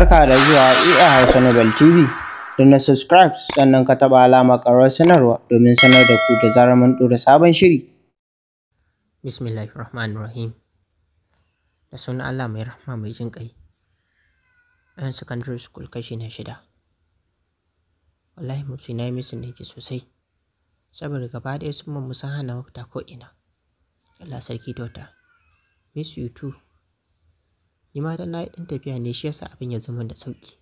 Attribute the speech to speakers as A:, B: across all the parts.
A: Barka da zuwa EA Hausa Nobel TV. Da na subscribe sannan ka taɓa alama ƙarar sanarwa domin sanar da ku da zarar mun dora sabon shiri. Bismillahirrahmanirrahim. Da sunan Allah mai rahama mai jin ƙai. Yan secondary school kashi na shida. Wallahi mutu na yi misin nake sosai. Saboda gaba daya sun mun musa hana ko ina. Allah sarki dota. Miss you too. Ni ma dan na yi ɗan tafiya ne shi yasa abin ya zama da sauƙi.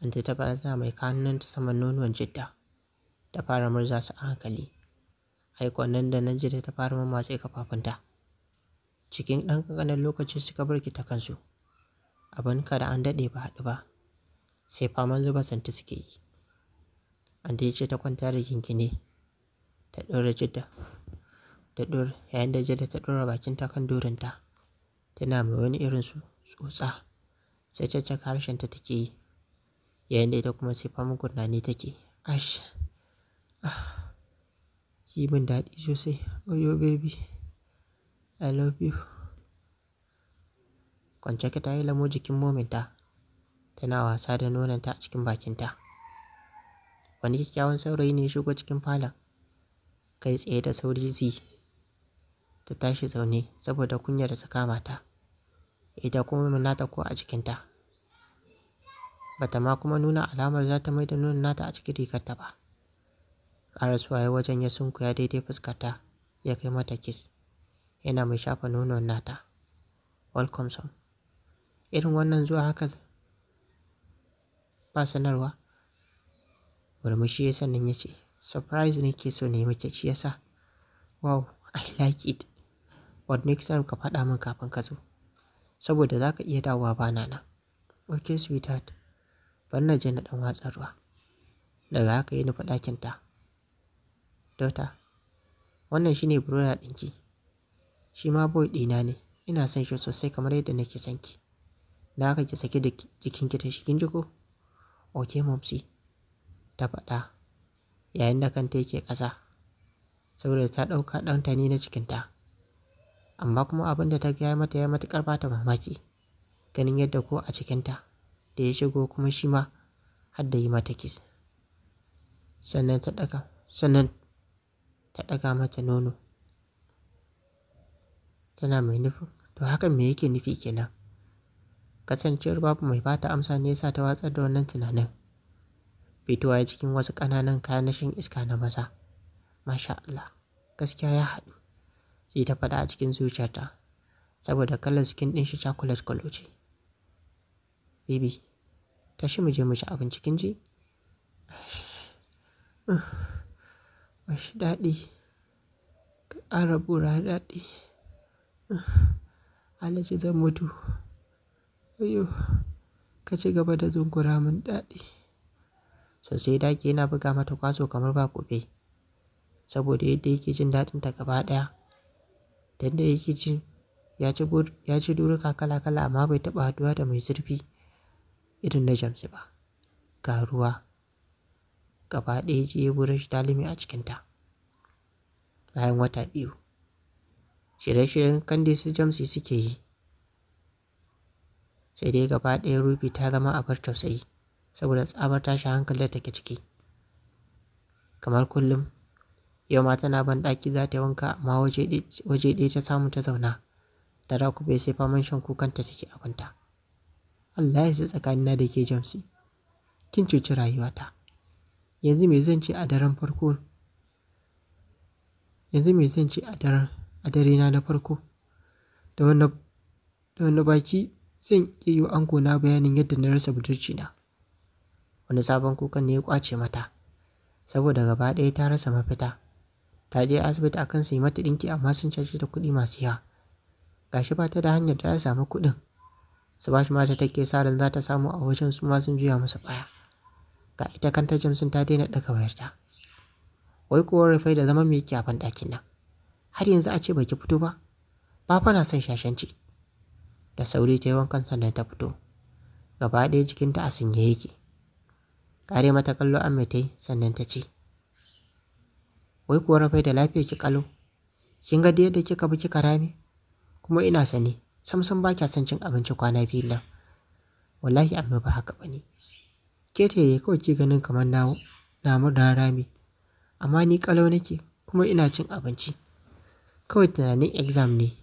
A: an ta baza mai ta saman nonuwan Jidda ta fara murza su a hankali. Ai nan da nan Jidda ta fara mammatse kafafunta Cikin ɗan ƙanƙanin lokaci suka ta kansu. Abin da an daɗe ba haɗu ba. Sai faman zuba santi suke yi. ta ce ta kwanta da gingine ta ɗora Jidda ta ɗora yayin da Jidda ta ɗora bakinta kan dorinta tana mai wani irin su. tsotsa sai caccaka ta take yi yayin da ita kuma sai faman gurnani take ash ah min daɗi sosai oyo baby i love you kwanciyarka ta yi lamo jikin mominta tana wasa da nonanta a cikin bakinta wani kyakkyawan saurayi ne ya shigo cikin falon kai tsaye da sauri zi ta tashi zaune saboda kunyar da ta kama ta ita kuma mai nata ko a jikinta. Bata ma kuma nuna alamar za ta da nuna nata a cikin rigarta ba. ƙara ya wajen ya sunkuya daidai fuskarta ya kai mata kiss yana mai shafa nuna nata. Welcome Irin wannan zuwa haka ba sanarwa. Murmushi ya sannan ya ce, Surprise ne ke so ne mace shi yasa. Wow, I like it. But next time ka faɗa min kafin ka zo. saboda za ka iya dawowa ba na nan. Ok sweetheart, bari na je na ɗan watsa ruwa. Daga haka ya nufi ɗakinta. Daughter, wannan shine broda ɗinki. Shi ma boy ɗina ne, ina son shi sosai kamar yadda nake son ki. Da haka ki saki da jikinki ta shi kin ji ko? Ok ta faɗa yayin da kanta yake ƙasa saboda ta ɗauka ɗanta ni na cikinta. amma kuma abin da ta gaya mata ya matuƙar bata mamaki ganin yadda ko a cikinta da ya shigo kuma shi ma har da yi mata kis sannan ta ɗaga sannan ta ɗaga mata nono tana mai nufin to hakan me yake nufi kenan kasancewar babu mai bata amsa ne yasa ta watsar da wannan tunanin fitowa cikin wasu ƙananan kayan na shan iska na maza masha Allah gaskiya ya haɗu shi ta faɗa a cikin zuciyarta, saboda kalar skin ɗin shi chocolate color ce. Baby, tashi mu je mu ci abinci kin ji? Ashi daɗi, ka ƙara bura daɗi. Alaji zan mutu. ayo, ka ci gaba da zungura min daɗi. Sosai daki yana buga mata kwazo kamar ba kube saboda yadda yake jin daɗinta gaba ɗaya. Dan da yake jin ya ci duruka kala kala amma bai taba haduwa da mai zurfi irin na jamsi ba. Ga ruwa gaba ɗaya je ya burin shi talimi a cikinta. Bayan wata biyu shirye-shiryen kande su suke yi sai dai gaba ɗaya rufi ta zama a bar tausayi saboda tsabar tashi hankali da take ciki kamar kullum yau ma tana ban ɗaki za ta wanka amma waje ɗaya ta samu ta zauna da rakube sai faman shan kukanta take abinta Allah ya tsakanina da ke jamsi kin cuci rayuwata yanzu me zan ce a daren farko yanzu me zan ce a daren a dare na na farko da wani baki zan iya ango na bayanin yadda na rasa budurci na wani sabon kukan ne ya kwace mata saboda gaba ɗaya ta rasa mafita ta je asibiti akan su yi mata dinki amma sun caji ta kuɗi masu yawa gashi ba ta da hanyar da za samu kuɗin su ba shi mata take sa ran za ta samu a wajen su ma sun juya musu baya ga ita kanta jamsin ta daina ɗaga wayarta wai kuwa rufai da zama mai yake a ɗakin nan har yanzu a ce baki fito ba ba fa na son shashanci da sauri ta yi wankan sannan ta fito gaba ɗaya jikinta a sanye yake kare mata kallo an mai ta yi sannan ta ce wai kuwa rafai da lafiya ki kalo. kin ga yadda kika bi kika rami? kuma ina sani sam ba kya san cin abinci kwana biyu nan wallahi amma ba haka bane ke ta yi kawai ki ganin kamar na na da rami. amma ni kalo nake kuma ina cin abinci kawai tunanin exam ne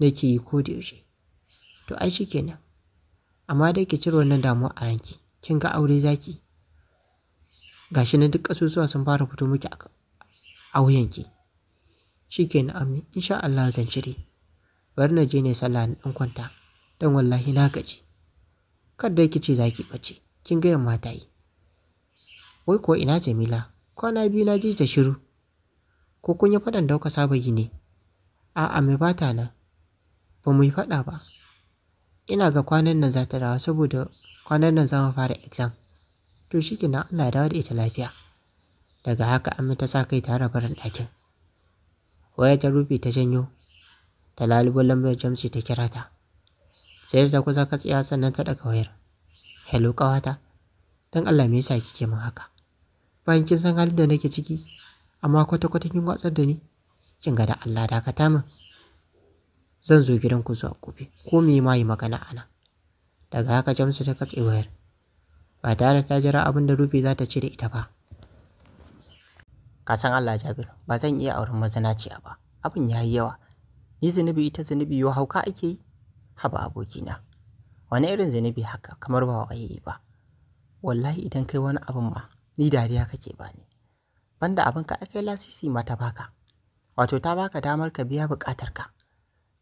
A: nake yi ko da yaushe to ai shikenan amma dai ki cire wannan damuwa a ranki kin ga aure zaki gashi na duk kasusuwa sun fara fito miki a wuyanki shi ke na ammi insha Allah zan shiri bari na je ne sallah na ɗan kwanta don wallahi na gaji kada ki ce za ki ɓace kin ga yamma ta yi wai ko ina jamila kwana biyu na ji ta shiru ko kun yi faɗan dauka saba yi ne a'a mai bata nan ba mu yi faɗa ba ina ga kwanan nan za ta dawo saboda kwanan nan za mu fara exam to shi na Allah ya dawo da ita lafiya daga haka amma ta sa kai tare barin ɗakin waya ta rufe ta janyo ta lalubo lambar jamsi ta kira ta sai ta kusa tsaya sannan ta ɗaga wayar hello kawata dan allah me yasa kike min haka bayan kin san halin da nake ciki amma kwata-kwata kin watsar da ni kin ga da allah dakata min zan zo gidanku zuwa gobe ko me ma yi magana a daga haka jamsi ta katse wayar ba tare ta jira abin da rufi za ta ce da ita ba ka san Allah Jabir ba zan iya auren mazinaciya ba abin yayi yawa ni zinubi ita zinubi yo hauka ake yi haba abokina wani irin zinubi haka kamar ba yayi ba wallahi idan kai wani abin ma ni dariya kake bani banda abin ka kai lasisi ma ta baka wato ta baka damar ka biya bukatar ka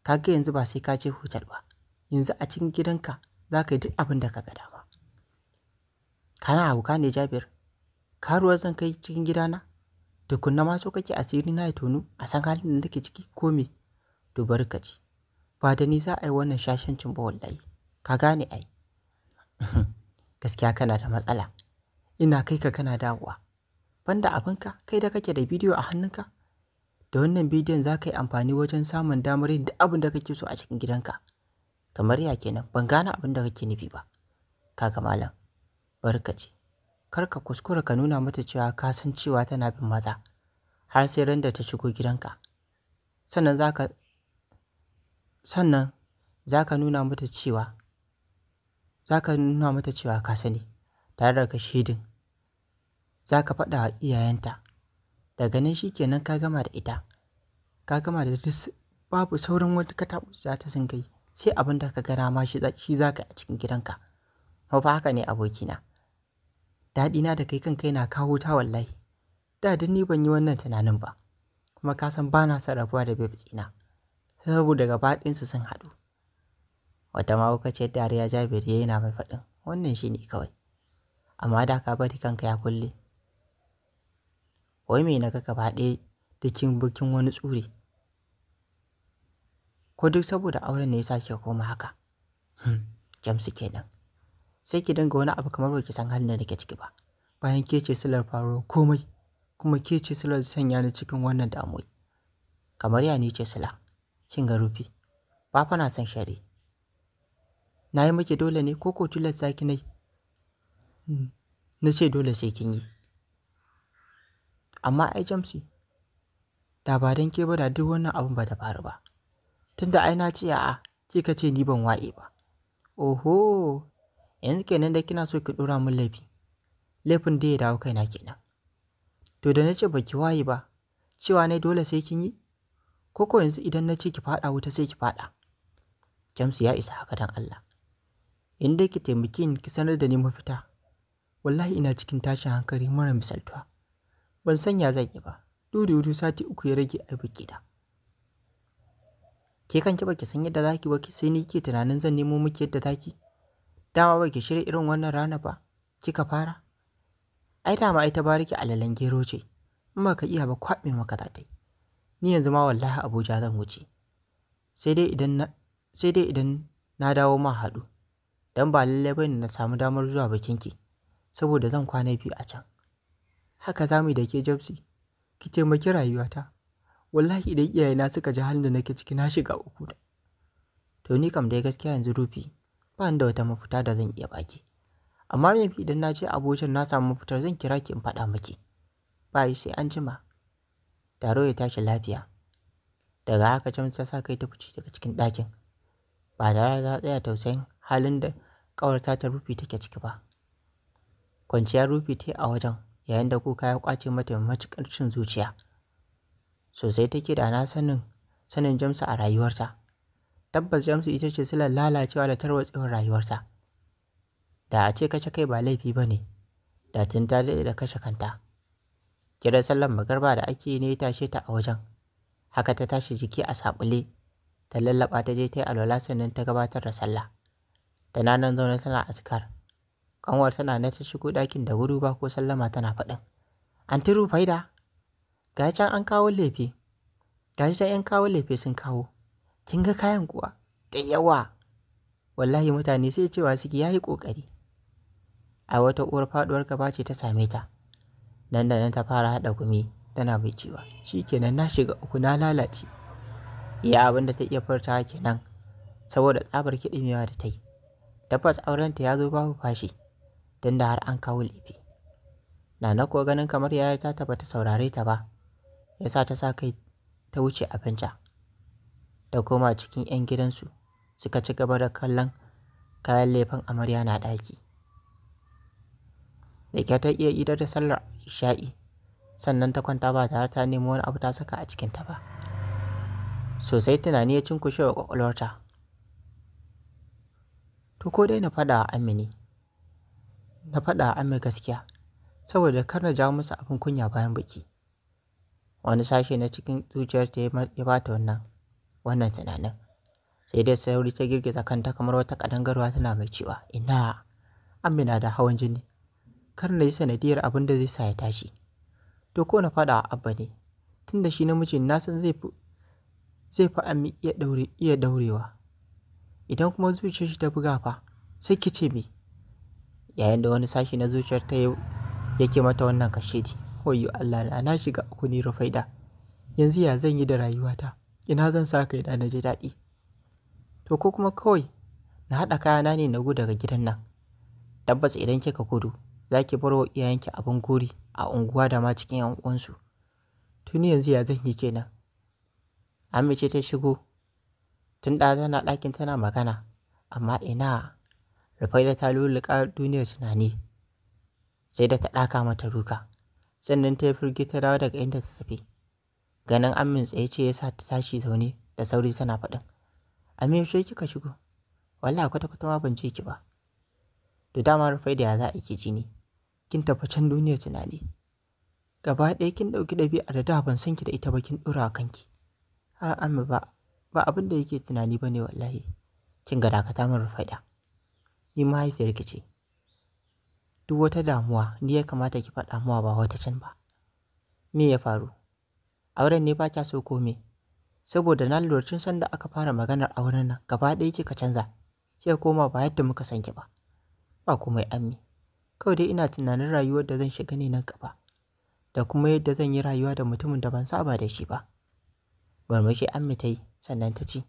A: kaga yanzu ba sai ka je hotel ba yanzu a cikin gidanka za ka yi duk abin da ka ga dama kana hauka ne Jabir karuwar zan kai cikin gidana kunna ma so kake asiri na ya tonu a san halin da nake ciki ko me to bari ka ba da ni za a yi wannan shashancin ba wallahi ka gane ai gaskiya kana da matsala ina kai ka kana dawowa banda abinka kai da kake da bidiyo a hannunka da wannan bidiyon za ka yi amfani wajen samun damar yin duk abin da kake so a cikin gidanka kamar ya kenan ban gane abin da kake nufi ba kaga malam barka ji. kar ka kuskura ka nuna mata cewa ka san cewa tana bin maza har sai randa ta shigo gidanka sannan za ka sannan za nuna mata cewa za ka nuna mata cewa ka sani tare da ka shaidin za ka faɗa wa iyayenta daga nan shi kenan ka gama da ita ka gama da duk babu sauran wani katabu za ta sun kai sai abin da ka gara ma shi za ka a cikin gidanka ba haka ne abokina Daɗi na da kai kanka yana kawo ta wallahi da dan ni ban yi wannan tunanin ba kuma ka san bana son rabuwa da babe ɗina saboda gaba ɗinsu sun haɗu wata mahaukaciyar dariya jabir ya yana mai faɗin wannan shi ne kawai amma da ka bari kanka ya kulle wai me na ga gaba ɗaya dikin bukin wani tsure ko duk saboda auren ne ya sake koma haka hmm, jamsu kenan sai ki danga wani abu kamar baki san halin da nake ciki ba bayan ke ce silar faro komai kuma ke ce silar sanya ni cikin wannan damuwa kamar ya ni ce sila kin ga rufi ba fa na san shari na yi miki dole ne ko ko tilasta saki nai hmm, na ce dole sai kin yi amma ai jamsi da ba dan ke ba da duk wannan abun ba ta faru ba tunda ai na ce a'a ki ce ni ban waye ba oho yanzu kenan da kina so ki dora min laifi laifin da ya dawo kaina kenan to da na ce ba ki waye ba cewa ne dole sai kin yi ko ko yanzu idan na ce ki faɗa wuta sai ki faɗa Jamsu ya isa haka dan Allah in dai ki taimaki ni ki sanar da ni mafita wallahi ina cikin tashin hankali mara misaltuwa ban sanya zan yi ba dudu sati uku ya rage a biki da ke kanki baki san yadda zaki ba sai ni ke tunanin zan nemo miki yadda zaki dama ba ki shirya irin wannan rana ba kika fara ai dama ai ta bariki alalan gero ce in ka iya ba kwaɓe maka za ta ni yanzu ma wallahi abuja zan wuce sai dai idan na sai dai idan na dawo ma haɗu don ba lallai bane na samu damar zuwa ki, saboda zan kwana biyu a can haka za mu yi da ke jabsi ki taimaki rayuwata wallahi idan iyayena suka ji halin da nake ciki na shiga uku to ni kam dai gaskiya yanzu rufi ba da wata mafita da zan iya baki. Amma yanzu idan na ce Abuja na samu mafitar zan kira ki in faɗa miki. Bayi sai an jima. Taro ya tashi lafiya. Daga haka can ta sa kai ta fice daga cikin ɗakin. Ba da tare da tsaya tausayin halin da ƙawarta ta rufi take ciki ba. Kwanciyar rufi ta a wajen yayin da kuka ya kwace mata matuƙar cin zuciya. Sosai take da na sanin sanin jamsa a rayuwarta. tabbas Jamsu ita ce silar lalacewa da tarwatsewar rayuwarta. Da a ce kashe kai ba laifi ba ne, da tun ta daɗe da kashe kanta. Kiran sallar magarba da ake ne tashe ta a wajen, haka ta tashi jiki a saɓule, ta lallaɓa ta je ta yi alwala sannan ta gabatar da sallah. Tana nan zaune tana askar, kanwar tana na ta shigo ɗakin da wuri ba ko sallama tana faɗin. An turu faida? ga can an kawo laifi. ga can ‘yan kawo laifi sun kawo, kin ga kayan kuwa da yawa wallahi mutane sai cewa suke yayi kokari a wata uwar faduwar gaba ce ta same ta nan da nan ta fara hada gumi tana mai cewa shikenan na shiga uku na lalace iya abin da ta iya furta kenan saboda tsabar kiɗi kiɗimewa da ta yi tabbas aurenta ya zo babu fashi tun da har an kawo lefe nana kuwa ganin kamar yayar ta taba ta saurare ta ba yasa ta sa kai ta wuce abinta Da koma cikin 'yan gidansu suka ci gaba da kallon kayan lefen amarya na ɗaki. Da ke ta iya idar da sallar isha'i sannan ta kwanta ba tare ta nemi wani abu ta saka a cikinta ba. Sosai tunani ya cinkushe wa ƙwaƙwalwarta. To ko dai na faɗa a Amini, na faɗa a amini gaskiya, saboda kar na jawo musu abin kunya bayan biki. Wani sashe na cikin zuciyarta ya bata wannan wannan tunanin sai dai sauri ta girgiza kanta kamar wata kadangarwa tana mai cewa ina amina da hawan jini kar na yi sanadiyar abin da zai sa ya tashi to ko na faɗa abba ne tunda shi namiji na san zai fi zai fi ammi iya daure iya daurewa idan kuma zuciyar shi ta buga fa sai ki ce me yayin da wani sashi na zuciyar ta yake mata wannan kashedi wayyo Allah na na shiga uku ni rufaida yanzu ya zan yi da rayuwata ina zan sa ka da na ji daɗi to ko kuma kawai na haɗa kayana ne na gudu daga gidan nan tabbas idan kika gudu za ki bar wa iyayenki abin gori a unguwa da ma cikin yan uwansu tuni yanzu ya zan yi kenan amince ta shigo tun da tana ɗakin tana magana amma ina Rufaida ta lulluƙa duniyar tunani sai da ta ɗaka mata ruka sannan ta yi firgita dawo daga inda ta tafi Ganin Amin tsaye ce yasa ta tashi zaune da sauri tana faɗin. Ami yaushe kika shigo? Wallahi kwata kwata ma ban ce ki ba. To dama rufai da ya za a ki ji ni. Kin tafi can duniyar tunani. Gaba ɗaya kin ɗauki ɗabi'a da da ban san ki da ita ba kin ɗora kanki. A Ami ba ba abin da yake tunani ba ne wallahi. Kin ga dakata min rufaida. Ni mahaifiyarki ce. Duk wata damuwa ni ya kamata ki faɗa muwa ba wata can ba. Me ya faru? Auren ne ba kya so kome Saboda na lura tun sanda aka fara maganar auren nan gaba ɗaya kika canza. Kika koma ba yadda muka san ki ba. Ba komai ammi. Kawai dai ina tunanin rayuwar da zan shiga ne nan gaba. Da kuma yadda zan yi rayuwa da mutumin da ban saba da shi ba. Murmushi ammi ta yi sannan ta ce,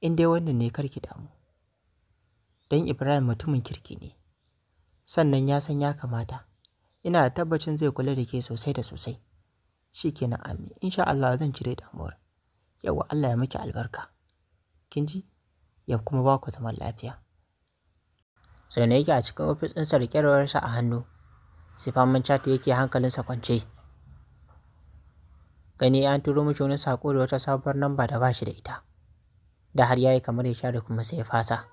A: In dai wannan ne kar ki damu. Dan Ibrahim mutumin kirki ne. Sannan ya san ya kamata. Ina da tabbacin zai kula da ke sosai da sosai. shi kenan amin insha Allah zan cire damuwar yawa Allah ya miki albarka kin ji ya kuma ba ku zaman lafiya sai ne yake a cikin ofis ɗinsa riƙe sa a hannu sai faman chat yake sa kwance gani an turo mishi wani sako da wata sabuwar namba da ba shi da ita da har yayi kamar ya share kuma sai ya fasa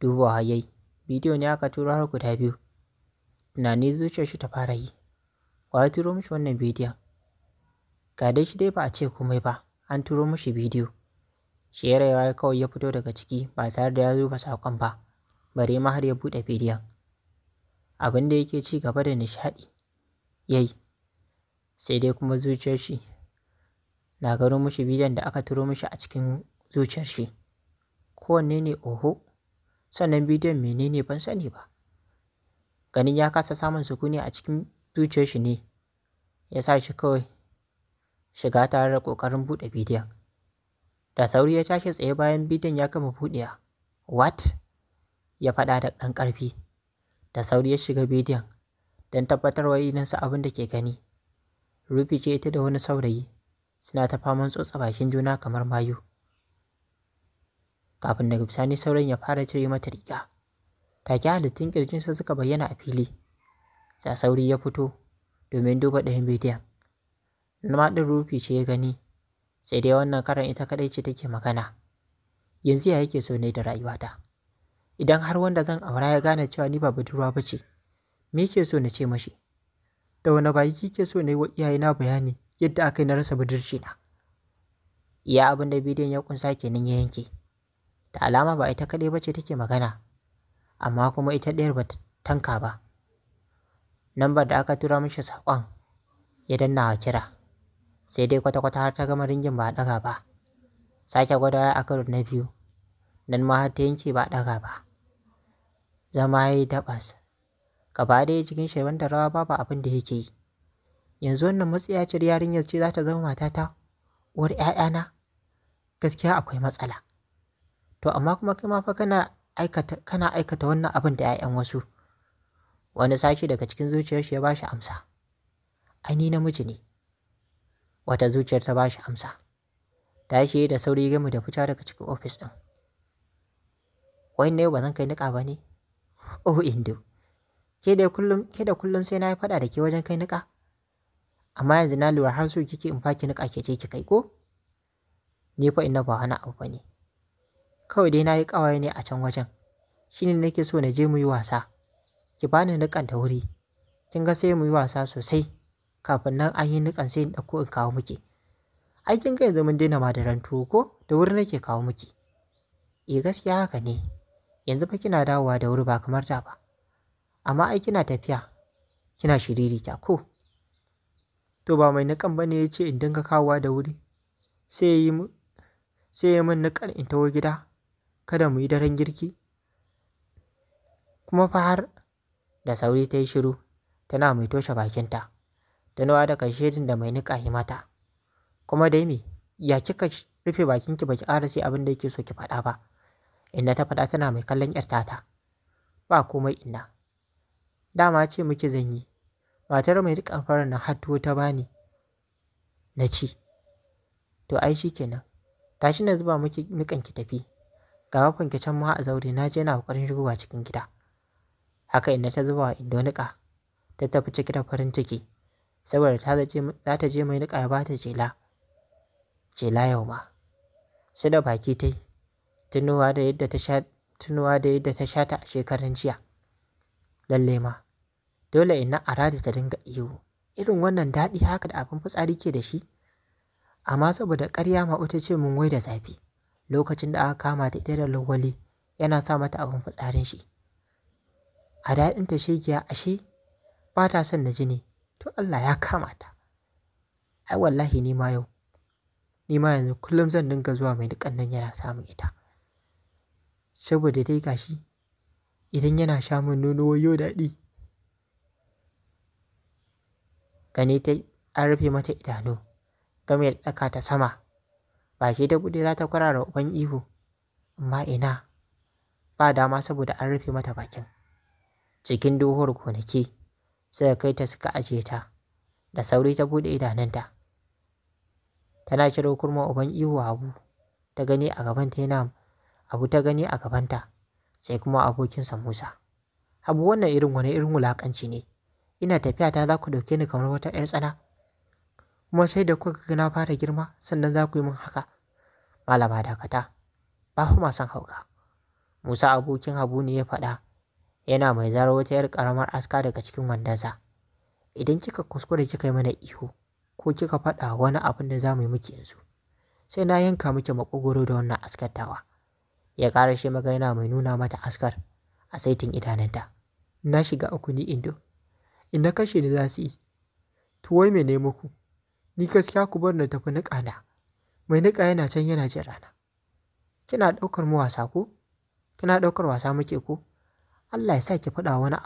A: dubo yayi bidiyo ne aka turo har guda biyu tunani zuciyar shi ta fara yi wa ya turo mishi wannan bidiyon Ga dai shi dai ba a ce komai ba, an turo mashi bidiyo. Shi ya rayuwa kawai ya fito daga ciki ba tare da ya zuba saƙon ba, bare ma har ya buɗe bidiyon. Abin da yake ci gaba da nishaɗi yayi, sai dai kuma zuciyar shi na gano mishi bidiyon da aka turo mishi a cikin zuciyar shi. Kowanne ne oho, sannan bidiyon menene ban sani ba. Ganin ya kasa samun sukuni a cikin zuciyar shi ne ya sa shi kawai shiga tare da ƙoƙarin buɗe bidiyon. Da sauri ya tashi tsaye bayan bidiyon ya gama buɗewa. What? Ya faɗa da ɗan ƙarfi. Da sauri ya shiga bidiyon don tabbatarwa idansa abin da ke gani. Rufi ce ita da wani saurayi suna ta faman tsotsa bakin juna kamar mayu. Kafin daga bisani sauran ya fara cire mata riga. Take halittun ƙirjinsa suka bayyana a fili. Da sauri ya fito domin duba ɗayan bidiyon. ma ɗin Rufi ce ya gani, sai dai wannan karan ita kaɗai ce take magana. Yanzu ya yake so ne da rayuwata. Idan har wanda zan aura ya gane cewa ni ba budurwa ba ce, me ke so na ce mashi? Da wani baki ke so na yi wa iyayena bayani yadda aka yi na rasa budurci na. Iya abin da bidiyon ya kunsa kenan ya yanke. Da alama ba ita kaɗai ba ce take magana, amma kuma ita ɗayar ba tanka ba. Lambar da aka tura mishi saƙon ya danna wa kira. sai dai kwata-kwata har ta gama ringin ba a ɗaga ba sake gwadawa a karo na biyu nan ma har ta yanke ba a ɗaga ba zama ya yi daɓas gaba ɗaya cikin shirman da rawa babu abin da yake yi yanzu wannan ciri yarinyar ce za ta zama matata uwar na? gaskiya akwai matsala to amma kuma kai ma fa kana aikata kana aikata wannan abin da 'ya'yan wasu wani sashi daga cikin zuciyar shi ya bashi amsa ai ni namiji ne wata zuciyar ta bashi amsa tashi da sauri gami da fita daga cikin ofis ɗin wai yau ba zan kai niƙa ba ne oh Indu. ke da kullum ke da kullum sai na yi faɗa da ke wajen kai niƙa amma yanzu na lura har so kike in faki niƙa ke ce ki kai ko ni fa ina ba wani abu bane kawai dai na yi ƙawaye ne a can wajen shine nake so na je mu yi wasa ki bani niƙan da wuri kin ga sai mu yi wasa sosai kafin nan an yi niƙan sai in ɗauko in kawo miki ai kin ga yanzu mun daina madaran tuwo ko da wuri nake kawo miki eh gaskiya haka ne yanzu fa kina dawowa da wuri ba kamar ta ba amma ai kina tafiya kina ta ko to ba mai niƙan bane ya ce in dinga kawowa da wuri sai ya yi min niƙan in tawo gida kada mu yi daren girki kuma fa har da sauri ta yi shiru tana mai toshe bakinta da nawa daga shedin da mai niƙa yi mata kuma dai me ya kika rufe bakin ki baki ƙara sai abin da yake so ki faɗa ba inna ta faɗa tana mai kallon yar tata ba komai inna dama ce muke zan yi matar mai riƙa fara na hatto ta bani na ci to ai shi kenan tashi na zuba miki niƙan ki tafi ga wafan ki can ma a zaure na je na ƙoƙarin shigowa cikin gida haka inna ta zuba wa indo niƙa ta tafi ciki da farin ciki saboda za ta je mai riƙa ba ta jela jela yau ma sai da baki ta yi tunowa da yadda ta sha ta a shekaran jiya lalle ma dole ina rada ta dinga iyo irin wannan daɗi haka da abin fitsari ke da shi amma saboda ƙarya ma ta ce mun wai da zafi lokacin da aka kama ta ita da lawali yana sa mata abin fitsarin shi a daɗin ta shegiya ashe ba ta son na jini to Allah ya kama ta. Ai wallahi ni ma yau, ni ma yanzu kullum zan dinga zuwa mai dukkan nan yana samun ita. Saboda dai gashi idan yana sha min nono wayo daɗi. Gani ta an rufe mata idanu, game da ɗaka ta sama, baki ta buɗe za ta kwarara uban ihu, amma ina, ba dama saboda an rufe mata bakin. Cikin duhuwar gonaki ya kai ta suka aje ta da sauri ta bude idanunta tana kiro kurma uban ihu abu ta gani a gabanta yana abu ta gani a gabanta sai kuma abokinsa musa abu wannan irin wani irin wulakanci ne ina tafiya ta za ku ɗauke ni kamar wata 'yar tsana kuma sai da kuka ga na fara girma sannan za ku yi min haka malama dakata ba fa ma son hauka musa abokin Abu ne ya faɗa yana mai zaro wata yar karamar aska daga cikin wandonsa. Idan kika kuskure kika yi mana ihu ko kika faɗa wani abin da za mu yi miki yanzu, sai na yanka miki makogoro da wannan askar Ya ƙara shi magana mai nuna mata askar a saitin idanunta. Na shiga uku ni indo, Ina kashe ni za su yi. To wai mene muku? Ni gaskiya ku bar na tafi niƙa na. Mai niƙa yana can yana jin rana. Kina ɗaukar mu wasa ko? Kina ɗaukar wasa muke ko? Allah ya sa ki faɗa wani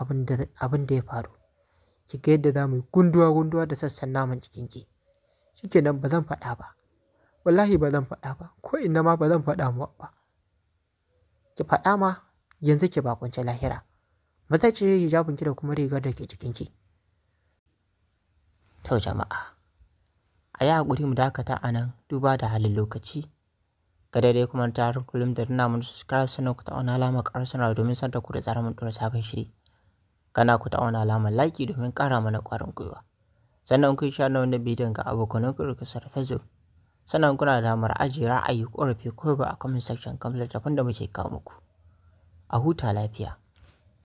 A: abin da ya faru ki ga yadda za mu yi gunduwa gunduwa da sassan naman cikinki. shike nan ba zan faɗa ba wallahi ba zan faɗa ba ko inna ma ba zan faɗa mu ba ki faɗa ma yanzu ki bakunce lahira maza ce hijabinki da kuma rigar da ke cikinki to jama'a a yi haƙuri mu dakata a nan duba da halin lokaci ga daidai kuma ta har kullum da tuna mun subscribe sannan ku ta'auna alamar ƙarar sanarwa domin sanda ku da tsara mun ɗora sabon shiri. Kana ku ta'auna alamar like domin ƙara mana ƙwarin gwiwa. Sannan ku na wannan bidiyon ga abokanan ku da kusa Facebook. Sannan kuna da damar ajiye ra'ayi, ƙorafi ko ba a comment section kan littafin da muke kawo muku. A huta lafiya.